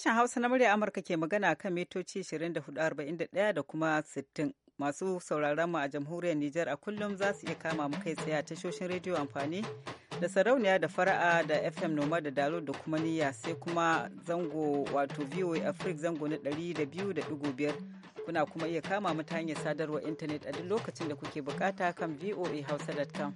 Sashen Hausa na murya Amurka ke magana kan mitoci 24,41 da kuma 60. Masu sauraron mu a jamhuriyar Nijar a kullum za su iya kama mu kai tsaye a tashoshin rediyo amfani da sarauniya da fara'a da FM Noma da Dalo da kuma niyya sai kuma zango wato VOA Africa zango na 200.5 kuna kuma iya kama mu ta hanyar sadarwar intanet a duk lokacin da kuke bukata kan voahausa.com.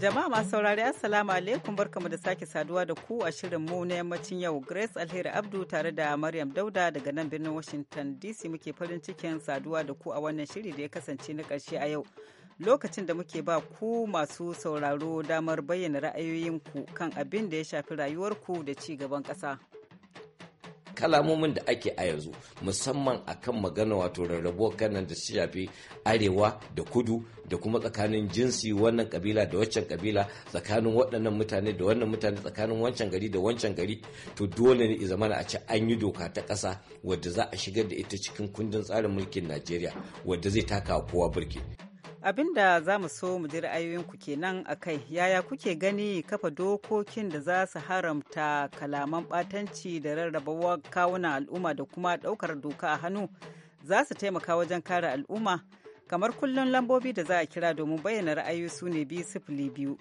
Jama'a masu saurari Assalamu alaikum barkamu da sake saduwa da ku a shirin mu na yammacin yau Grace Alheri Abdu tare da Maryam Dauda daga nan birnin Washington DC muke farin cikin saduwa da ku a wannan shiri da ya kasance na karshe a yau. Lokacin da muke ba ku masu sauraro damar bayyana ra'ayoyinku kan abin da ya shafi rayuwarku da ci gaban ƙasa. kalamomin da ake a yanzu musamman a kan magana wato rarrabuwar kanan da su shafi arewa da kudu da kuma tsakanin jinsi wannan kabila da waccan kabila tsakanin waɗannan mutane da wannan mutane tsakanin wancan gari da wancan gari to dole ne a ce an yi doka ta ƙasa wadda za a shigar da ita cikin kundin tsarin mulkin najeriya wadda zai taka kowa birki. abin da za mu so mu ji ra'ayoyinku kenan a kai yaya kuke gani kafa dokokin da za su haramta kalaman ɓatanci da rarraba kawunan al'umma da kuma ɗaukar doka a hannu za su taimaka wajen kare al'umma kamar kullum lambobi da za a kira domin bayyana ra'ayi su ne biyu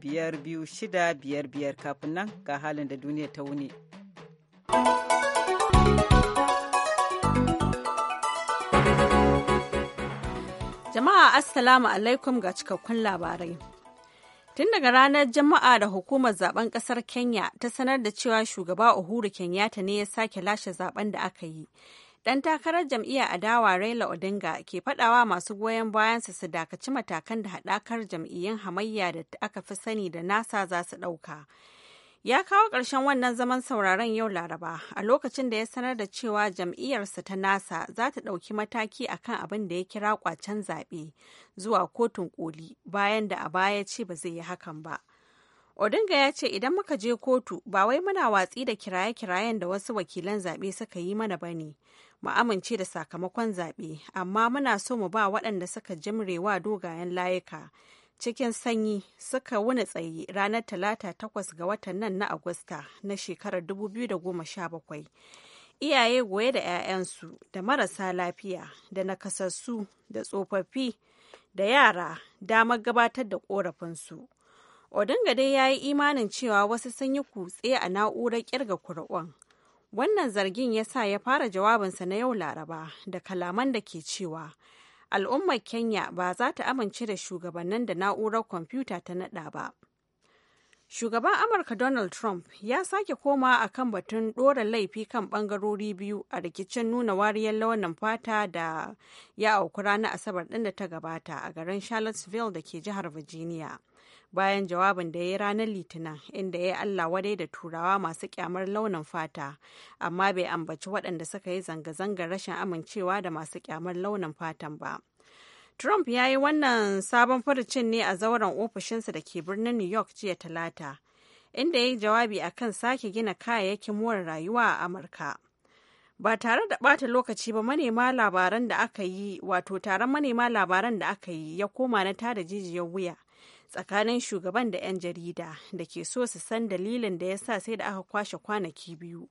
biyar biyu shida biyar biyar kafin nan ga halin da duniya ta wuni. Jama'a Assalamu alaikum ga cikakkun labarai. Tun daga ranar Jama'a da hukumar zaben kasar Kenya ta sanar da cewa shugaba Uhuru Kenyatta ne ya sake lashe zaben da aka yi. Dan takarar jam'iyya adawa Raila Odinga ke fadawa masu goyon bayansa su dakaci matakan da haɗakar jam'iyyun hamayya da aka fi sani da nasa za su ɗauka. ya kawo ƙarshen wannan zaman sauraron yau laraba a lokacin da ya sanar da cewa jam'iyyarsa ta nasa za ta ɗauki mataki a kan abin da ya kira kwacen zaɓe zuwa kotun koli bayan da a baya ce ba zai yi hakan ba odinga ya ce idan muka je kotu ba wai muna watsi da kiraye-kirayen da wasu wakilan zaɓe suka yi mana ba ne mu amince da sakamakon zaɓe amma muna so mu ba waɗanda suka jimrewa dogayen layuka cikin sanyi suka wuni tsaye ranar talata takwas ga watan nan na agusta na shekarar 2017 iyaye goye da 'ya'yansu da marasa lafiya da nakasassu da tsofaffi da yara damar gabatar da korafinsu odinga dai ya yi imanin cewa wasu sun yi kutse a na'urar kirga kuri'un wannan zargin ya sa ya fara jawabinsa na yau laraba da kalaman da ke cewa al'ummar kenya ba za ta amince da shugabannin da na'urar kwamfuta ta naɗa ba shugaban amurka donald trump ya sake koma a kan batun ɗora laifi kan ɓangarori biyu a rikicin nuna wariyar launin fata da ya auku ranar asabar ɗin da ta gabata a garin charlottesville da ke jihar virginia bayan jawabin da ya yi ranar litinin inda ya yi allah wadai da turawa masu kyamar launin fata amma bai ambaci waɗanda suka yi zanga-zangar rashin amincewa da masu kyamar launin fatan ba trump ya yi wannan sabon furucin ne a zauren ofishinsa da ke birnin new york jiya talata inda ya yi jawabi a kan sake gina kayayyakin more rayuwa a amurka ba tare da ɓata lokaci ba manema labaran da aka yi wato taron manema labaran da aka yi ya koma na tada jijiyar wuya tsakanin shugaban da 'yan jarida da ke so su san dalilin da ya sa sai da aka kwashe kwanaki biyu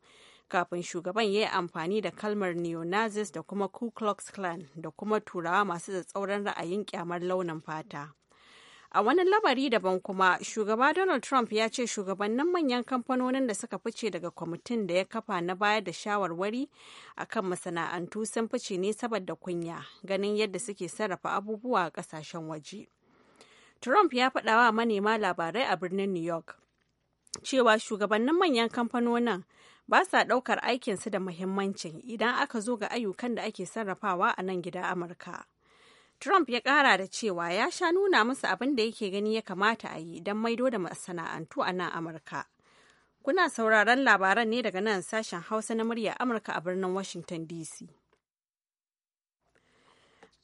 kafin shugaban ya yi amfani da kalmar neonazis da kuma ku klux klan da kuma turawa masu tsauran ra'ayin kyamar launin fata a wani labari daban kuma shugaba donald trump ya ce shugabannin manyan kamfanonin da suka fice daga kwamitin da ya kafa na bayar da shawarwari a kan masana'antu sun fice ne saboda kunya ganin yadda suke sarrafa abubuwa a kasashen waje Trump ya faɗawa manema labarai a birnin New York cewa shugabannin manyan kamfanonin ba sa ɗaukar aikinsu da muhimmancin idan aka zo ga ayyukan da ake sarrafawa a nan gida Amurka. Trump ya ƙara da cewa ya sha nuna musu abin da yake gani ya kamata a yi don maido da masana'antu a nan Amurka. Kuna sauraron labaran ne daga nan sashen Hausa na murya Amurka a birnin Washington DC.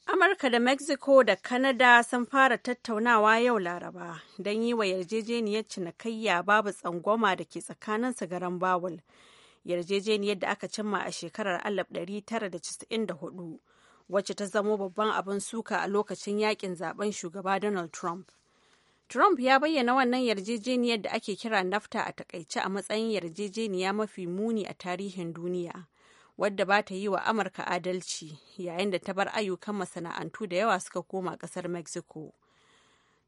Amurka da Mexico da Canada sun fara tattaunawa yau Laraba don yi wa yarjejeniyar cinikayya babu tsangwama da ke tsakanin garan Bawul. Yarjejeniyar da aka cimma a shekarar 1994 wacce ta zamo babban abin suka a lokacin yakin zaben shugaba Donald Trump. Trump ya bayyana wannan yarjejeniyar da ake kira NAFTA a takaice a matsayin yarjejeniya mafi muni a tarihin duniya. wadda ba ta yi wa amurka adalci yayin da ta bar ayyukan masana'antu da yawa suka koma kasar mexico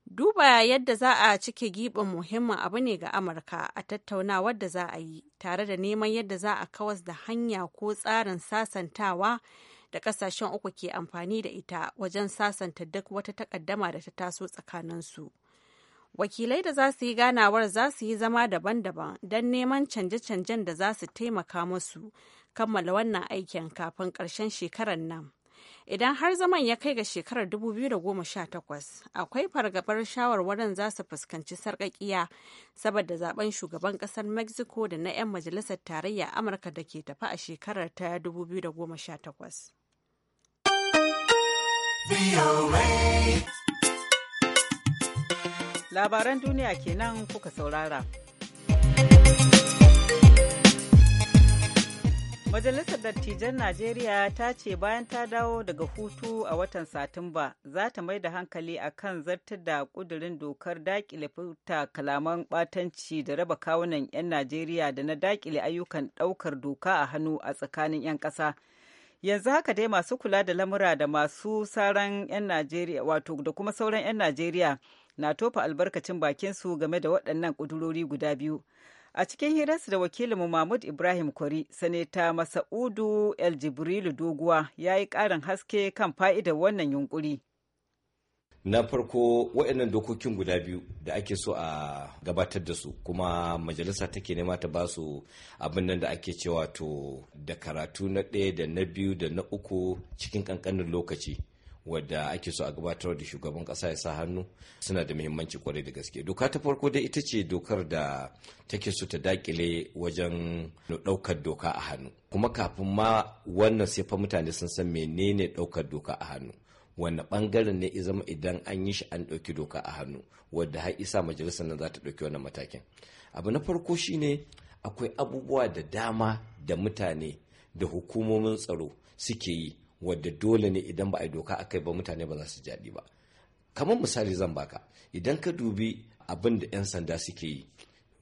duba yadda za a cike giɓin muhimmin abu ne ga amurka a tattauna wadda za a yi tare da neman yadda za a kawas da hanya ko tsarin sasantawa da kasashen uku ke amfani da ita wajen sasanta duk wata takaddama da ta taso tsakaninsu. wakilai da za su yi ganawar za su yi zama daban-daban don neman canje-canjen da za su taimaka musu kammala wannan aikin kafin ƙarshen shekarar nan idan har zaman ya kai ga shekarar 2018 akwai fargabar shawarwarin za su fuskanci sarƙaƙiya saboda zaben shugaban ƙasar mexico da na 'yan majalisar tarayya amurka da ke tafi a shekarar ta 2018 labaran duniya kenan kuka saurara Majalisar Dattijan Najeriya ta ce bayan ta dawo daga hutu a watan Satumba za ta mai da hankali a kan zartar da kudurin dokar daƙile fita kalaman ɓatanci da raba kawunan 'yan Najeriya da na daƙile ayyukan ɗaukar doka a hannu a tsakanin 'yan ƙasa. Yanzu haka dai masu kula da lamura da masu sauran 'yan Najeriya wato da kuma sauran 'yan Najeriya na tofa albarkacin bakinsu game da waɗannan ƙudurori guda biyu. A cikin hirarsa da wakilin mu Mahmud Ibrahim Kwari, Sanata Masa'udu El Jibrilu Doguwa ya yi ƙarin haske kan fa'idar wannan yunƙuri. na farko waɗannan dokokin guda biyu da ake so a gabatar da su kuma majalisa take nema ta ba su abin nan da ake cewa to da karatu na ɗaya da na biyu da na uku cikin ƙanƙanin lokaci wadda ake so a gabatar da shugaban kasa ya sa hannu suna da muhimmanci kwarai da gaske doka ta farko dai ita ce dokar da take so ta dakile wajen daukar doka a hannu kuma kafin ma wannan sai fa mutane sun san menene daukar doka a hannu wanne bangaren ne zama idan an yi shi an ɗauki doka a hannu wadda har isa majalisar nan za ta ɗauki wannan matakin abu na farko shine akwai abubuwa da dama da mutane da hukumomin tsaro suke yi wadda dole ne idan ba a yi doka a kai ba mutane ba za su jaɗi ba kamar misali zan baka idan ka dubi abin da 'yan sanda suke yi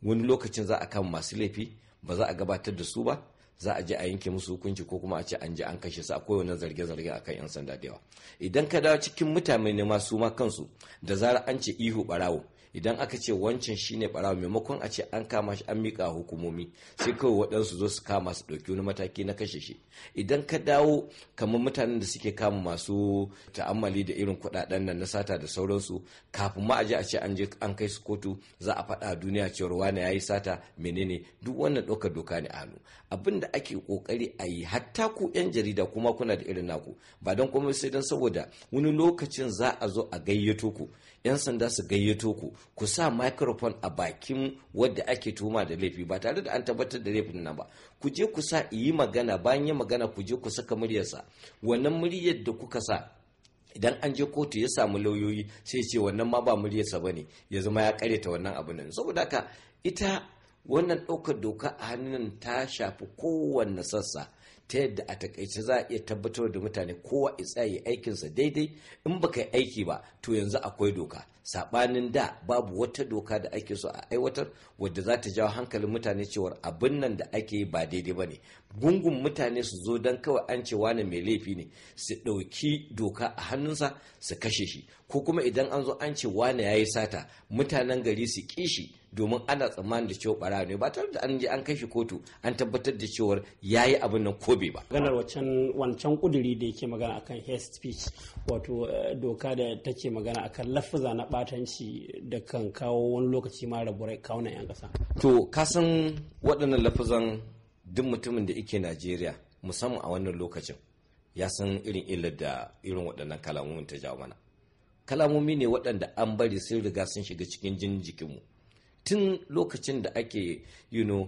wani lokacin za a kama masu laifi ba za a gabatar da su ba za a je a yanke musu hukunci ko kuma a ce an je an kashe su akwai wani zarge-zarge akan 'yan sanda da yawa idan ka dawo cikin mutane ne masu ma kansu da zarar an ce ihu barawo idan aka ce wancan shine barawa maimakon a ce an kama shi an mika hukumomi sai kawai waɗansu zo su kama su ɗauki wani mataki na kashe shi idan ka dawo kamar mutanen da suke kama masu ta'ammali da irin kuɗaɗen nan na sata da sauransu kafin ma a je a ce an je an kai su kotu za a faɗa duniya cewar ya yi sata menene duk wannan ɗaukar doka ne a hannu abin da ake ƙoƙari a yi hatta ku 'yan jarida kuma kuna da irin naku ba don kuma sai don saboda wani lokacin za a zo a gayyato ku yan sanda su gayyato ku ku sa microphone a bakin wadda ake tuhuma da laifi ba tare da an tabbatar da laifin nan ba ku je ku sa yi magana bayan yi magana ku je ku saka muryarsa wannan muryar da kuka sa idan an je kotu ya samu lauyoyi sai ce wannan ma ba muryarsa ba ne ya zama ya karyata wannan abin nan saboda haka ita wannan ɗaukar doka a hannun ta shafi kowanne sassa ta yadda a takaice za a iya tabbatar da mutane kowa ya tsaye aikinsa daidai in ba ka yi aiki ba to yanzu akwai doka Saɓanin da babu wata doka da ake so a aiwatar wadda za ta jawo hankalin mutane cewar abin nan da ake yi ba daidai ba ne gungun mutane su zo don kawai an ce wani mai laifi ne su ɗauki doka a hannunsa su kashe shi ko kuma idan an zo an ce wani ya yi sata mutanen gari su ƙi shi domin ana tsammanin da cewa ɓarawo ne ba tare da an je an kai shi kotu an tabbatar da cewar yayi abin nan kobe ba maganar wancan wancan kuduri da yake magana akan hate speech wato eh, doka da take magana akan lafuza na batanci da kan kawo wani lokaci ma rabuwar kawunan yan kasa to kasan waɗannan lafuzan duk mutumin da yake Najeriya musamman a wannan lokacin ya san irin illar da irin waɗannan kalamomin ta jawo mana kalamomi ne waɗanda an bari sun riga sun shiga cikin jin jikinmu tun lokacin da ake you know,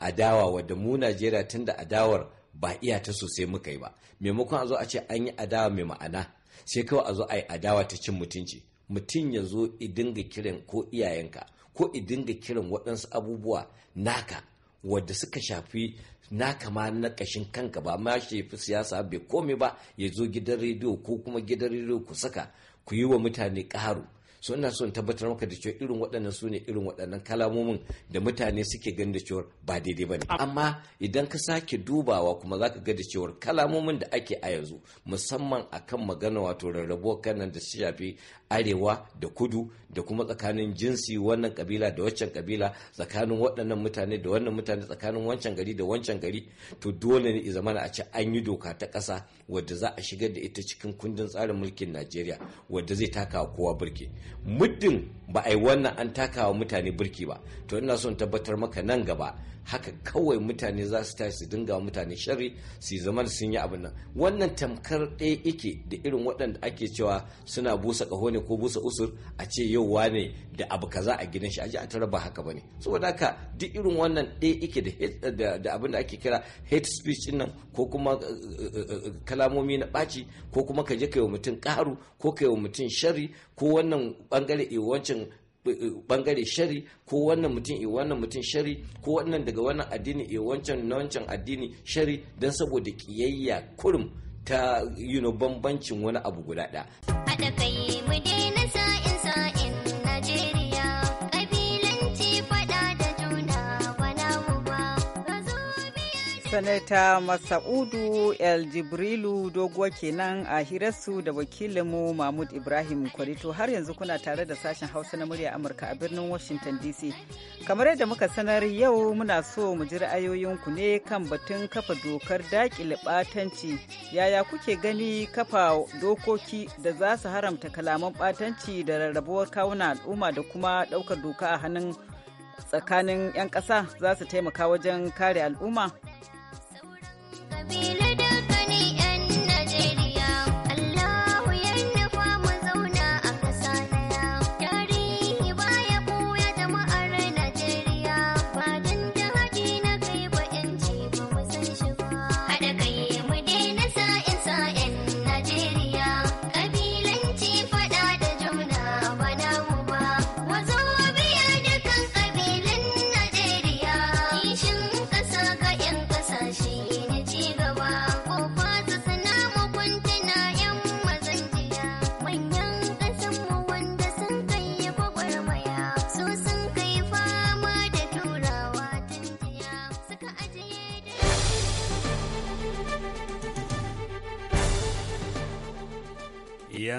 adawa wadda mu najeriya tun da adawar ba iya ta sosai muka yi ba maimakon a zo a ce an yi adawa mai ma'ana sai kawai a zo a yi adawa ta cin mutunci mutum ya zo idinga kiran ko iyayenka ko dinga kiran waɗansu abubuwa naka wadda suka shafi naka ma na ƙashin kanka ba ma shafi siyasa bai komai ba ya zo gidan rediyo ko kuma gidan rediyo ku saka ku yi wa mutane ƙaru so ina son tabbatar maka da cewa irin waɗannan su ne irin waɗannan kalamomin da mutane suke ganin da cewa ba daidai ba ne amma idan ka sake dubawa kuma za ka ga da cewar kalamomin da ake a yanzu musamman a kan magana wato rarrabuwa kanan da su shafi arewa da kudu da kuma tsakanin jinsi wannan kabila da waccan kabila tsakanin waɗannan mutane da wannan mutane tsakanin wancan gari da wancan gari to dole ne zama a ce an yi doka ta ƙasa wadda za a shigar da ita cikin kundin tsarin mulkin najeriya wadda zai taka kowa birki muddin ba a yi wannan an takawa mutane birki ba to ina son tabbatar maka nan gaba haka kawai mutane za su tashi su dinga mutane shari su zama sun yi abin nan wannan tamkar ɗaya ike da irin waɗanda ake cewa suna busa ƙaho ne ko busa usur a ce yau wane da abu kaza a gidan shi a aji a tara ba haka ba bane saboda haka duk irin wannan ɗaya ike da da abin da ake kira hate speech nan ko kuma eh, eh, eh, kalamomi na ɓaci ko kuma ka je ka yi wa mutum ƙaru ko ka yi wa mutum shari ko wannan bangare wancan bangare shari ko wannan mutum e wannan mutum shari ko wannan daga wannan addini e wancan na wancan addini shari don saboda kiyayya kurum ta yi know, bambancin wani abu guda ɗaya. Haɗa kai mu daina sa'in sa'in Najeriya. sanata masaudu el jibrilu doguwa kenan a hirarsu da wakilinmu mahmud ibrahim kwarito har yanzu kuna tare da sashen hausa na murya amurka a birnin washington dc kamar yadda muka sanar yau muna so mu ji ra'ayoyinku ne kan batun kafa dokar dakile batanci yaya kuke gani kafa dokoki da za su haramta kalaman batanci da rarrabuwar kawuna al'umma da kuma ɗaukar doka a hannun tsakanin 'yan ƙasa za su taimaka wajen kare al'umma Happy little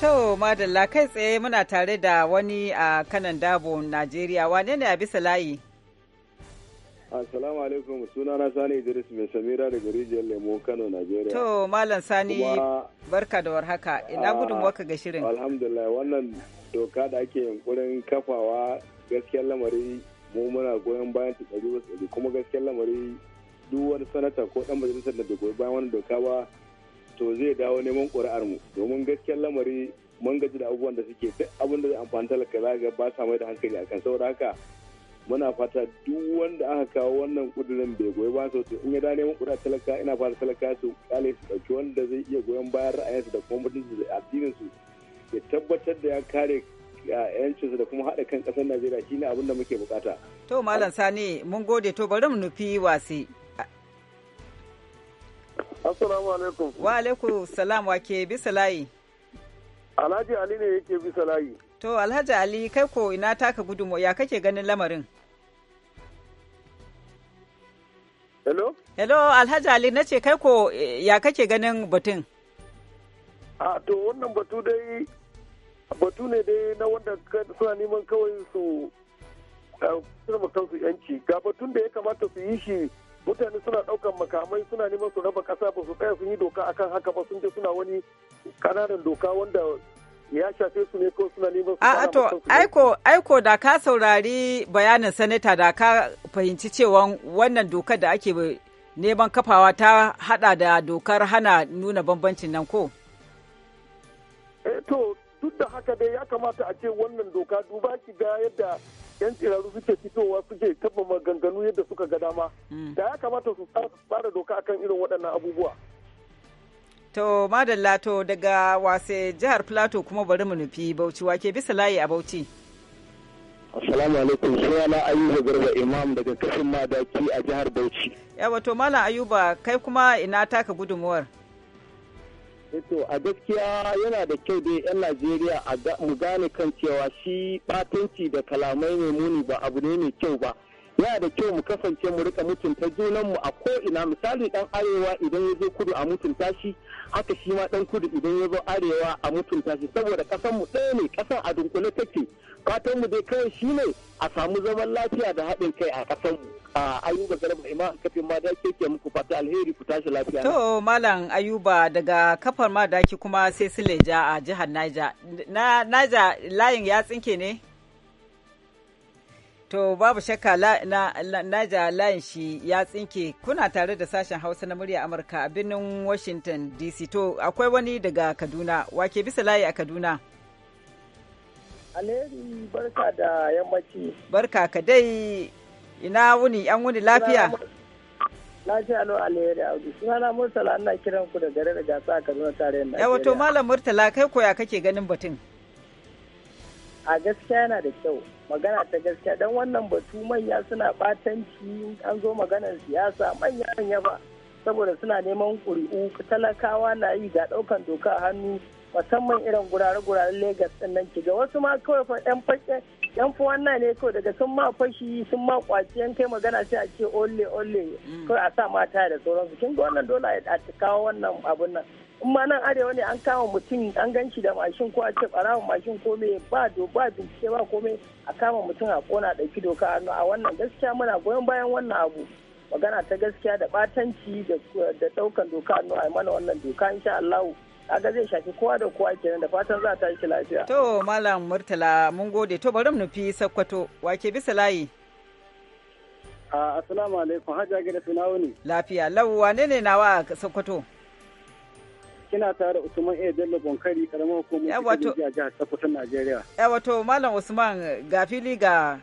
To madalla kai tsaye muna tare da wani a kanan dabo Najeriya wane ne a bisa layi? Assalamu alaikum sunana Sani Idris mai Samira daga rijiyar Lemo Kano Najeriya. To Malam Sani barka da warhaka ina ah, gudun waka ga shirin. Alhamdulillah wannan doka da ake yankurin kafawa gaskiyar lamari mu muna goyon bayan ta ɗari kuma gaskiyar lamari duk wani sanata ko ɗan majalisar da bai goyi bayan wani doka ba to zai dawo neman ƙuri'ar mu domin gaskiyar lamari mun gaji da abubuwan da suke duk abin da zai amfani talaka za ga ba sa mai da hankali akan saboda haka muna fata duk wanda aka kawo wannan kudirin bai goyi ba sau in ya da neman kuɗa talaka ina fata talaka su kale su ɗauki wanda zai iya goyon bayan ra'ayinsu da kuma mutuncin da addininsu ya tabbatar da ya kare yancinsu da kuma haɗa kan ƙasar najeriya shine abin da muke bukata. to malam sani mun gode to bari mu nufi wasi. Assalamu alaikum. Wa alaikum salam wa ke bisa layi. Alhaji Ali ne yake bisa layi. To Alhaji Ali kai ko ina taka gudumo ya kake ganin lamarin? Hello? Hello Alhaji Ali na ce kai ko eh, ya kake ganin batun? A to wannan batu dai batu ne dai na wanda suna neman kawai su eh, kansu yanci ga batun da ya kamata su yi shi mutane suna ɗaukan makamai suna neman su raba ƙasa ba su tsaya sun yi doka akan haka ba sun je suna wani ƙananan doka wanda ya shafe su ne ko suna neman su a to aiko aiko da ka saurari bayanin sanata da ka fahimci cewa wannan dokar da ake neman kafawa ta hada da dokar hana nuna bambancin nan ko eh, to duk da haka dai ya kamata a ce wannan doka duba ki ga yadda yan tsiraru suke fitowa suke taba maganganu yadda suka ga dama mm. da ya kamata su tsara doka akan irin waɗannan abubuwa to madalla to daga wase jihar plateau kuma bari mu nufi bauchi wake bisa layi a bauchi Assalamu alaikum na Ayuba Garba Imam daga kasin madaki a jihar Bauchi. Yawa to Malam Ayuba kai kuma ina taka gudunmuwar? Eh, to a gaskiya yana da kyau dai 'yan najeriya mu gane kan cewa shi batanci da kalamai mai muni ba abu ne mai kyau ba yana da kyau mu kasance mu rika mutunta mu a ko ina misali dan arewa idan ya zo kudu a mutunta shi haka shi ma dan kudu idan ya zo arewa a mutunta shi saboda kasan mu ɗaya ne kasan a dunkule take fatan mu dai kawai shi ne a samu zaman lafiya da haɗin kai a kasan mu a ayuba garba ima kafin ma da ke muku fata alheri ku tashi lafiya to malam ayuba daga kafar ma daki kuma sai sileja a jihar Niger na Niger layin ya tsinke ne To babu shakka ja layin shi ya tsinke kuna tare da sashen Hausa na murya Amurka a birnin Washington DC. To akwai wani daga Kaduna, wake bisa layi a Kaduna. Alheri barka da yammaci. Barka ka dai ina wuni, an wuni lafiya. Lafiya Aliyu alheri Audu. Sunana Murtala ana kiran ku da gare da gasa a Kaduna tare Najeriya. Yawa to Malam Murtala kai koya kake ganin batun? A gaskiya yana da kyau. magana ta gaskiya don wannan batu manya suna batanci an zo maganar siyasa manya manya ba saboda suna neman ƙuri'u talakawa na yi ga ɗaukan doka a hannu musamman irin gurare gurare Legas ɗin nan ga wasu ma kawai fa yan fashe wannan ne kawai daga sun ma fashi sun ma kwaci yan kai magana sai a ce olle olle mm. kawai a sa mata da sauransu kin ga wannan dole a kawo wannan abun nan in ma nan arewa ne an kama mutum an ganci da mashin ko a ce barawan mashin ko me ba do ba bincike ba komai a kama mutum a kona ɗauki doka hannu a wannan gaskiya muna goyon bayan wannan abu magana ta gaskiya da batanci da ɗaukan doka hannu a mana wannan doka insha Allah kaga zai shafi kowa da kowa kenan da fatan za ta yi lafiya. To Malam Murtala mun gode to bari mu nufi Sakkwato wake bisa layi. Ah, assalamu alaikum Hajja Gida Sunawuni. Lafiya lau ne ne nawa Sakkwato? kina tare da Usman A Bello Bonkari karamar hukumar wato a jihar Sokoto Najeriya. Ya wato Malam Usman ga fili ga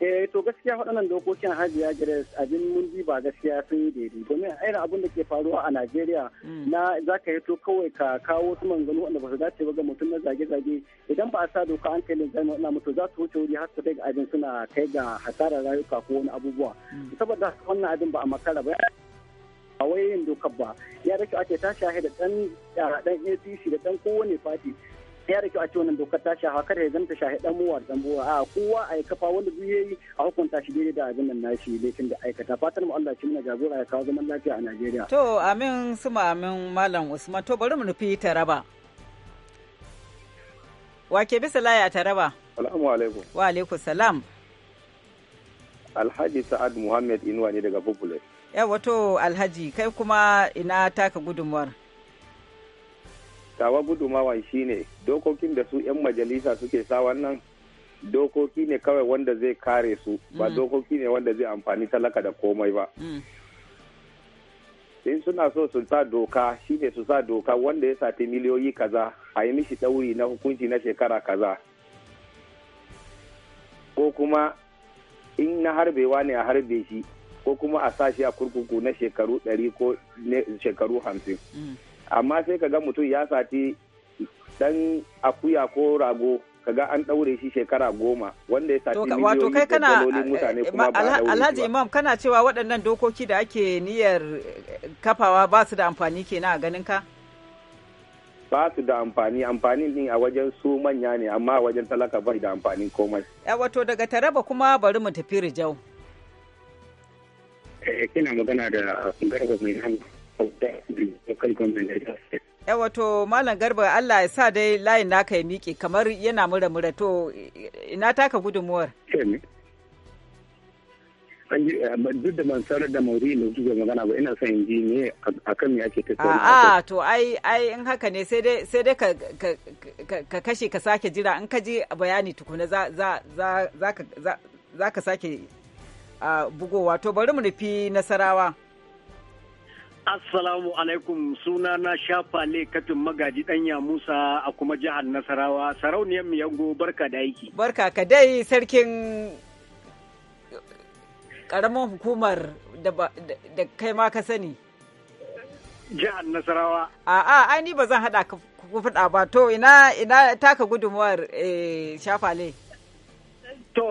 Eh to gaskiya waɗannan dokokin hajiya gare abin mun ji ba gaskiya sun yi daidai domin irin abin da ke faruwa a Najeriya hmm. na za ka to kawai ka kawo su manzanni wanda ba su dace ba ga mutum na zage-zage idan ba a sa doka an kai linzami ina mutum za su wuce wuri har su kai abin suna kai ga hasarar rayuka ko wani abubuwa hmm. saboda wannan abin ba a makara ba ba wai dokar ba ya da kyau ake ta shahe da dan dan apc da dan kowane fati ya da kyau a ce wannan dokar ta shaha kada ya zanta shahe dan muwa dan buwa a kowa a kafa wanda zai yi a hukunta shi daidai da abin nan nashi laifin da aikata fatan mu Allah shi na jagora ya kawo zaman lafiya a Najeriya to amin suma amin malam Usman to bari mu nufi taraba wake bisa laya taraba Salamu alaikum. Wa alaikum salam. Alhaji Sa'ad Muhammad Inuwa ne daga Bukulai. yawa to alhaji kai kuma ina taka gudunmuwar tawa shi ne dokokin da su 'yan majalisa suke sa wannan dokoki ne kawai wanda zai kare su ba mm. dokoki ne wanda zai amfani talaka da komai ba mm. in suna so su sa doka shi ne su sa doka wanda ya sati miliyoyi kaza a yi mishi ɗauri na hukunci na shekara kaza ko kuma in na harbewa ne a harbe shi ko kuma a sa shi a kurkuku na shekaru ɗari ko shekaru hamsin mm. amma sai ka ga mutum ya sati dan akuya ko rago kaga an ɗaure shi shekara goma wanda ya sati miliyoyi mutane wato kai kana eh, eh, alhaji imam kana cewa waɗannan dokoki da ake niyyar eh, kafawa ba su da amfani ke a ganin ka ba su da amfani amfani ne a wajen su manya ne amma a wajen talaka bai da amfani komai wato daga taraba kuma bari mu tafi rijau Eh, kina magana da garba mai hannu local government eh, malam garba allah ya sa dai layin naka ya miƙe kamar yana mura mura to ina taka gudunmuwar eh, duk da ban sanar da mauri ne kuke magana ba ina son in ji ne ya me ake tattauna a to ai ai in haka ne sai dai sai dai ka ka kashe ka sake jira in ka ji bayani tukuna za za za za ka sake a bugowa to bari mu nufi nasarawa Assalamu alaikum suna na shafa katin magaji danya Musa a kuma jihar Nasarawa sarauniyar Miyango barka da aiki. Barka ka dai sarkin karamin hukumar da kai ma ka sani. Jihar Nasarawa. A'a, ai ni ba zan haɗa ku fada ba to ina taka gudunmuwar ne eh, To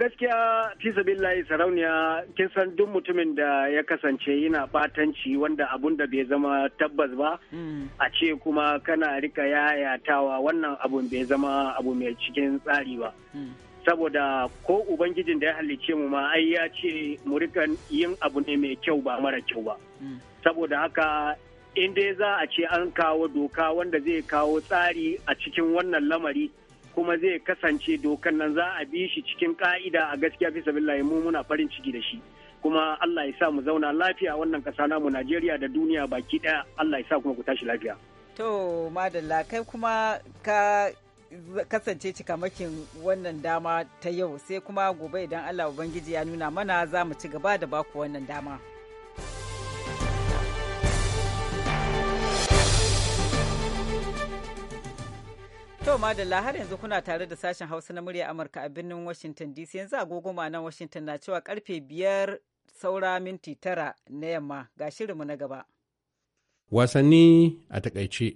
gaskiya fisa billahi sarauniya kin san duk mutumin da ya kasance yana batanci wanda abun da bai zama tabbas ba hmm. a ce kuma kana rika yayatawa wannan abun bai zama abu mai cikin tsari ba. Hmm. Saboda ko Ubangijin da ya halicce mu ma ai ya ce mu rika yin abu ne mai kyau ba mara kyau ba. Hmm. Saboda haka in dai za a ce an kawo doka wanda zai kawo tsari a cikin wannan lamari. kuma zai kasance dokan nan za a bi shi cikin ka'ida a gaskiya fi billahi mu muna farin ciki da shi kuma Allah ya sa mu zauna lafiya wannan ƙasa namu Najeriya da duniya baki ɗaya Allah ya sa kuma ku tashi lafiya. To madalla kai kuma ka kasance cikamakin wannan dama ta yau sai kuma gobe idan Allah Ubangiji ya nuna mana za mu ci gaba da baku wannan dama. To madalla har yanzu kuna tare da sashen Hausa na murya Amurka a birnin Washington DC yanzu agogoma nan Washington na cewa karfe biyar saura minti tara na yamma ga shirinmu na gaba. Wasanni a takaice.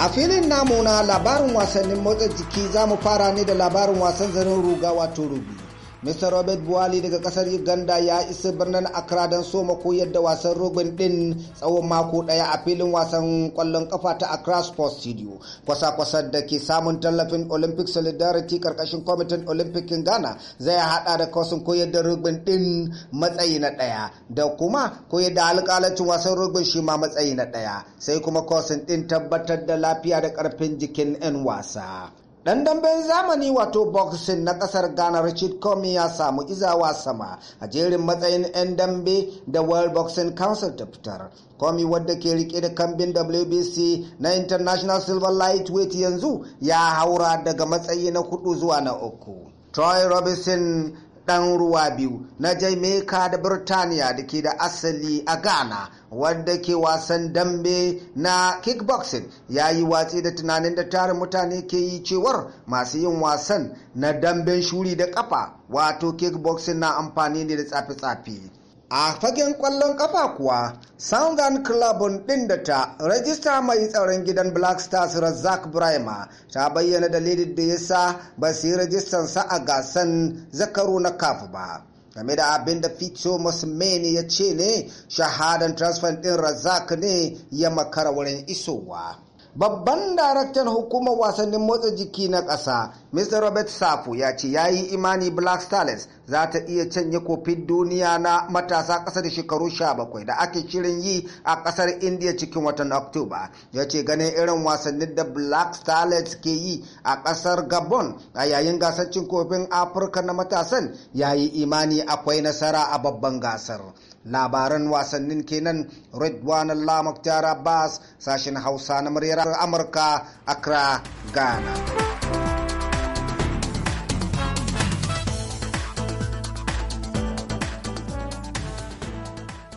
A filin namu na labarin wasannin motsa jiki za mu fara ne da labarin wasan zanen ruga wato rubi. Mr. Robert Buwali daga kasar Uganda ya isa birnin Accra don soma koyar da wasan rugby din tsawon mako daya a filin wasan kwallon kafa ta Accra Sports Studio. kwasa kwasa da ke samun tallafin Olympic Solidarity karkashin Kwamitin Olympic in Ghana zai hada da kwasan koyar da rugby din matsayi na daya da kuma koyar da alƙalancin wasan rugby shi ma matsayi na daya sai kuma kwasan din tabbatar da lafiya da karfin jikin 'yan wasa. Dan damben zamani wato boxing na kasar Ghana Richard Comey ya samu izawa sama a jerin matsayin 'yan dambe da World Boxing Council ta fitar. Komi, wadda ke rike da kambin WBC na International Silver Lightweight yanzu ya haura daga matsayi na hudu zuwa na uku. Troy Robinson ɗan ruwa biyu na jamaica da birtaniya da ke da asali a ghana wanda ke wasan dambe na kickboxing ya yi watsi da tunanin da tarin mutane ke yi cewar masu yin wasan na damben shuri da kafa wato kickboxing na amfani ne da tsafi-tsafi. a fagen kwallon kafa kuwa southern club din da ta rajista mai tsaron gidan black stars razak brima ta bayyana dalilin da ya sa ba su yi rajistan sa a gasan zakaru na kafu ba game da abin da fito musmeni ya ce ne shahadan transfer din razak ne ya makara wurin isowa babban daraktan hukumar wasannin motsa jiki na ƙasa mr robert safu ya ce ya yi imani black stars za ta iya canye kofin duniya na matasa ƙasa da shekaru 17 da ake shirin yi a ƙasar india cikin watan oktoba ya ce ganin irin wasannin da black stars ke yi a ƙasar gabon a yayin gasar cin kofin afirka na matasan ya yi imani akwai nasara a babban gasar labaran wasannin kenan redwan Lamak Jara abbas sashen hausa na muryar amurka accra ghana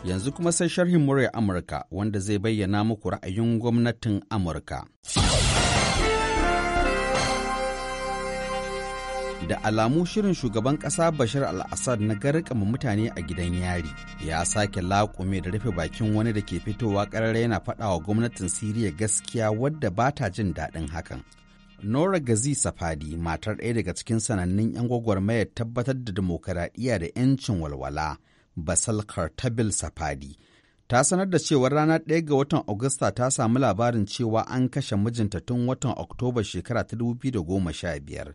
yanzu kuma sai sharhin murya amurka wanda zai bayyana muku ra'ayin gwamnatin amurka da alamu shirin shugaban kasa bashar al-assad na garkama mutane a gidan yari ya sake laƙume da rufe bakin wani da ke fitowa ƙarare yana faɗa wa gwamnatin siriya gaskiya wadda ba ta jin daɗin hakan nora gazi safadi matar ɗaya daga cikin sanannun 'yan gwagwarmayar tabbatar da dimokuraɗiyya da 'yancin walwala basal kartabil safadi ta sanar da cewa ranar ɗaya ga watan Agusta ta samu labarin cewa an kashe mijinta tun watan Oktoba shekara ta 2015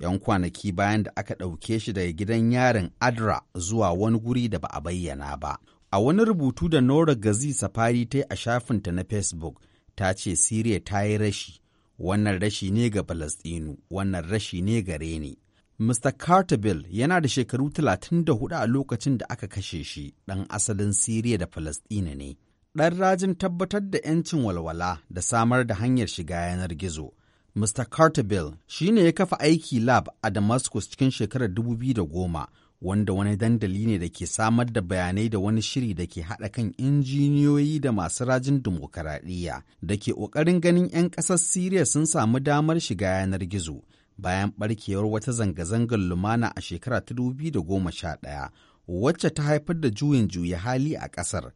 'yan kwanaki bayan da aka ɗauke shi daga gidan yarin Adra zuwa wani guri da ba a bayyana ba. A wani rubutu da Nora Gazi Safari ta yi a shafinta na Facebook ta ce Siriya ta yi rashi, wannan rashi ne ga Falastinu, wannan rashi ne gare ni. Mr. Carter yana da shekaru 34 a lokacin da aka kashe shi, ɗan asalin Siriya da Falastinu ne. Ɗan rajin tabbatar da 'yancin walwala da samar da hanyar shiga yanar gizo. Mr. Carterbill shi ne ya kafa aiki lab a Damascus cikin shekarar 2010 wanda wani dandali ne da ke samar da bayanai da wani shiri da ke haɗa kan injiniyoyi da masu rajin dimokuraɗiyya da ke ƙoƙarin ganin 'yan ƙasar Siriya sun samu damar shiga yanar gizo bayan ɓarkewar wata zanga-zangar lumana a shekara ta 2011 wacce ta haifar da juyin juya hali a ƙasar.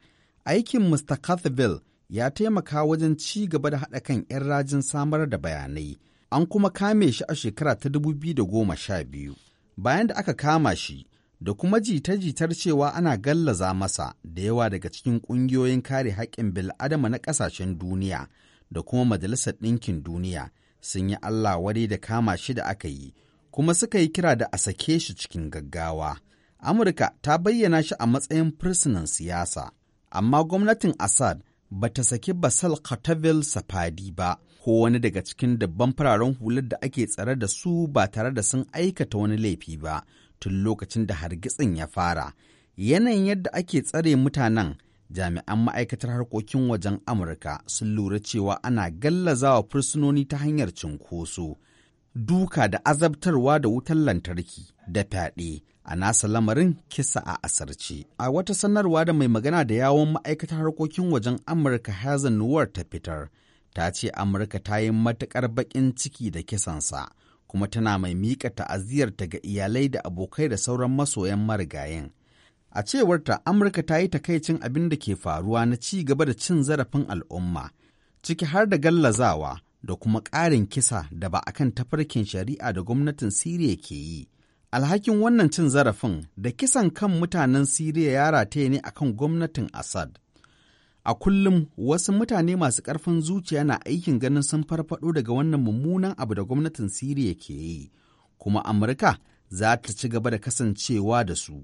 Aikin Mr. Carterbill ya taimaka wajen ci gaba da haɗa kan 'yan rajin samar da bayanai, an kuma kame shi a shekara ta dubu biyu da goma sha biyu. Bayan da aka kama shi, da kuma jita-jitar cewa ana gallaza masa da yawa daga cikin ƙungiyoyin kare haƙƙin bil'adama na ƙasashen duniya da kuma Majalisar Ɗinkin Duniya sun yi Allah wari da kama shi da aka yi, kuma suka yi kira da a sake shi cikin gaggawa. Amurka ta bayyana shi a matsayin fursunan siyasa, amma gwamnatin Assad ba ta saki Basal katavil Safadi ba, ko wani daga cikin dabban fararen hular da ake tsare da su ba tare da sun aikata wani laifi ba tun lokacin da hargitsin ya fara. Yanayin yadda ake tsare mutanen jami'an ma'aikatar harkokin wajen Amurka sun lura cewa ana gallazawa fursunoni ta hanyar cinkoso, duka da azabtarwa da wutar lantarki da fyaɗe a nasa lamarin kisa a asarci. A wata sanarwa da mai magana da yawon ma'aikatar harkokin wajen Amurka Hazen Nuwar ta fitar, ta ce Amurka ta yi matuƙar baƙin ciki da kisansa, kuma tana mai miƙa ta'aziyar ta ga iyalai da abokai da sauran masoyan marigayin. A cewarta, Amurka ta yi takaicin abin da ke faruwa na ci gaba da cin zarafin al'umma, ciki har da gallazawa da kuma ƙarin kisa da ba a kan tafarkin shari'a da gwamnatin Siriya ke yi. alhakin wannan cin zarafin da kisan kan mutanen Siriya ya rataye ne akan gwamnatin Assad. A kullum wasu mutane masu ƙarfin zuciya na aikin ganin sun farfaɗo daga wannan mummunan abu da gwamnatin Siriya ke yi, kuma Amurka za ta ci gaba da kasancewa da su.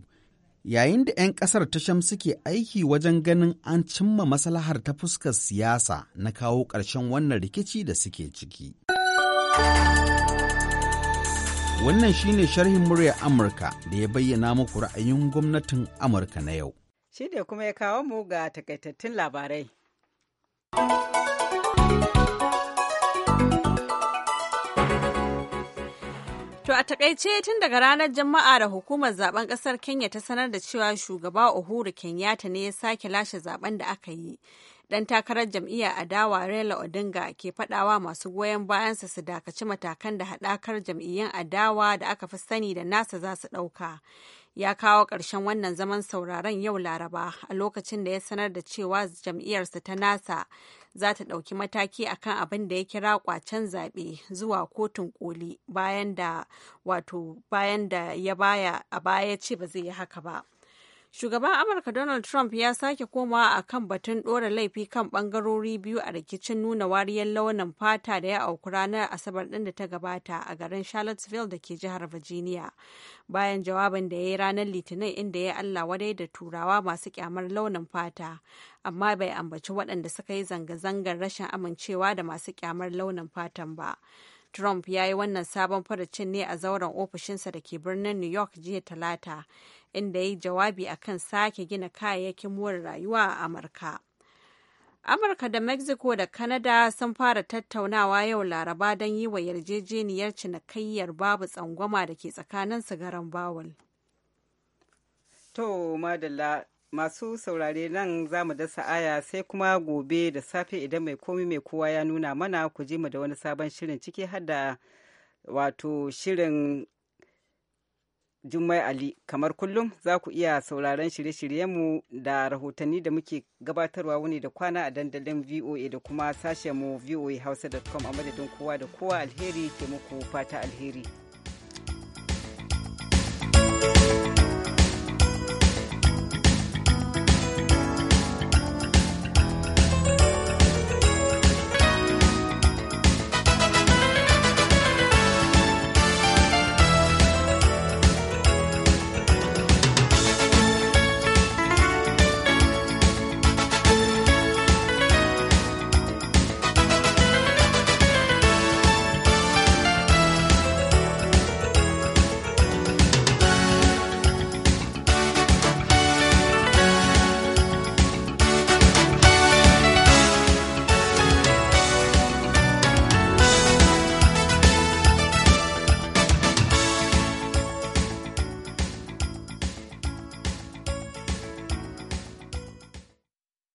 Yayin da ‘yan ƙasar ta sham suke aiki wajen ganin an cimma maslahar ta fuskar siyasa na kawo ƙarshen wannan rikici da suke ciki. Wannan shi ne sharhin murya Amurka da ya bayyana muku ra'ayin gwamnatin Amurka na yau. Shi ne kuma ya kawo mu ga takaitattun labarai. To a takaice tun daga ranar jama'a da hukumar zaben kasar Kenya ta sanar da cewa shugaba Uhuru Kenyatta ne ya sake lashe zaben da aka yi. ɗan takarar jam'iyyar adawa Raila Odinga ke faɗawa masu goyon bayansa su dakaci matakan da haɗakar jam'iyyun adawa da aka fi sani da nasa za su ɗauka. Ya kawo ƙarshen wannan zaman sauraron yau Laraba a lokacin da ya sanar da cewa jam'iyyarsa ta nasa za ta ɗauki mataki akan abin da ya kira kwacen zaɓe zuwa kotun koli bayan da wato bayan da ya baya a baya ce ba zai yi haka ba. Shugaban Amurka Donald Trump ya sake komawa a kan batun ɗora laifi kan ɓangarori biyu a rikicin nuna wariyar launin fata da ya auku ranar Asabar ɗin da ta gabata a garin Charlottesville da ke jihar Virginia. Bayan jawabin da ya yi ranar Litinin inda ya Allah wadai da turawa masu kyamar launin fata, amma bai ambaci waɗanda suka yi zanga-zangar rashin amincewa da masu kyamar launin fatan ba. Trump ya yi wannan sabon faracin ne a zauren ofishinsa da ke birnin New York jiya Talata, inda ya yi jawabi kan sake gina kayayyakin more rayuwa a Amurka. Amurka da Mexico da Canada sun fara tattaunawa yau Laraba don yi wa yarjejeniyar cinikayyar babu tsangwama da ke tsakanin garan bawul. To, madalla masu saurare nan za mu dasa aya sai kuma gobe da safe idan mai komi mai kowa ya nuna mana ku ji mu da wani sabon shirin ciki hada wato shirin Jummai Ali. Kamar kullum za ku iya sauraron shirye-shiryenmu da rahotanni da muke gabatarwa wani da kwana a dandalin VOA da kuma mu sashenmu Hausa.com a madadin kowa da kowa alheri ke muku fata alheri.